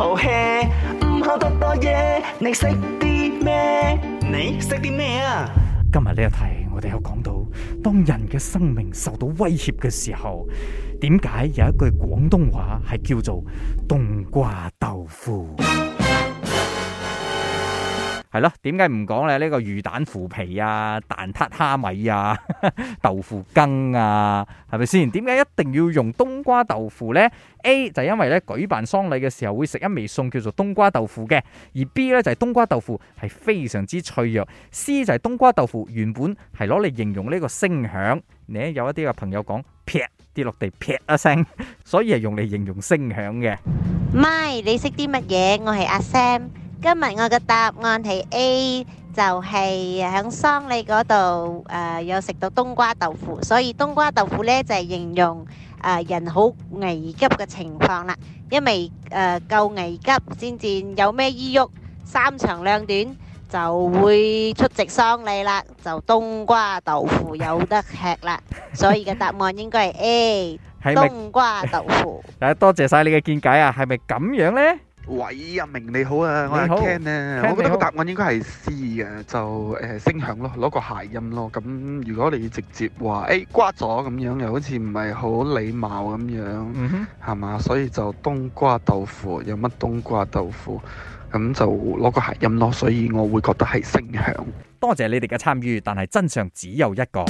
好唔好多多嘢，你食啲咩？你食啲咩啊？今日呢一題，我哋有講到，當人嘅生命受到威脅嘅時候，點解有一句廣東話係叫做冬瓜豆腐？係咯，點解唔講咧？呢個魚蛋腐皮啊，蛋撻蝦米啊，豆腐羹啊，係咪先？點解一定要用冬瓜豆腐咧？A 就係因為咧，舉辦喪禮嘅時候會食一味餸叫做冬瓜豆腐嘅，而 B 咧就係冬瓜豆腐係非常之脆弱。C 就係冬瓜豆腐原本係攞嚟形容呢個聲響。你有一啲嘅朋友講，劈跌落地劈一聲，所以係用嚟形容聲響嘅。咪，你識啲乜嘢？我係阿 Sam。今日我嘅答案係 A，就係響喪禮嗰度誒，有食到冬瓜豆腐，所以冬瓜豆腐呢就係形容誒人好危急嘅情況啦。因為誒夠危急先至有咩依喐，三長兩短就會出席喪禮啦，就冬瓜豆腐有得食啦。所以嘅答案應該係 A，冬瓜豆腐。誒，多謝晒你嘅見解啊，係咪咁樣呢？喂，阿明你好啊，我係 Ken 啊，我覺得個答案應該係 C 啊，就誒聲響咯，攞個諧音咯。咁如果你直接話誒瓜咗咁樣，又好似唔係好禮貌咁樣，係嘛？所以就冬瓜豆腐有乜冬瓜豆腐？咁就攞個諧音咯，所以我會覺得係聲響。多謝你哋嘅參與，但係真相只有一個。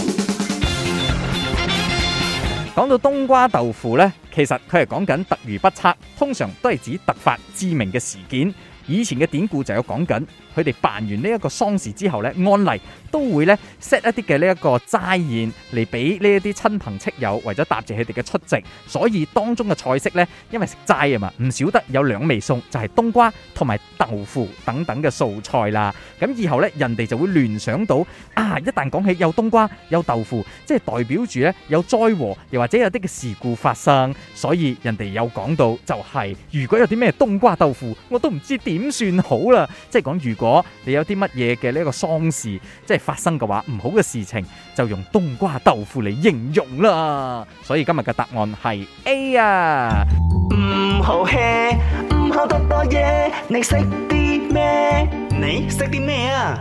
講到冬瓜豆腐呢。其實佢係講緊突如不測，通常都係指突發致命嘅事件。以前嘅典故就有講緊。佢哋辦完呢一個喪事之後咧，按例都會咧 set 一啲嘅呢一個齋宴嚟俾呢一啲親朋戚友，為咗答謝佢哋嘅出席。所以當中嘅菜式咧，因為食齋啊嘛，唔少得有兩味餸，就係、是、冬瓜同埋豆腐等等嘅素菜啦。咁以後咧，人哋就會聯想到啊，一旦講起有冬瓜有豆腐，即係代表住咧有災禍，又或者有啲嘅事故發生。所以人哋有講到、就是，就係如果有啲咩冬瓜豆腐，我都唔知點算好啦。即係講如果。如果你有啲乜嘢嘅呢個喪事，即係發生嘅話，唔好嘅事情就用冬瓜豆腐嚟形容啦。所以今日嘅答案係 A 啊，唔好吃，唔好多多嘢，你食啲咩？你食啲咩啊？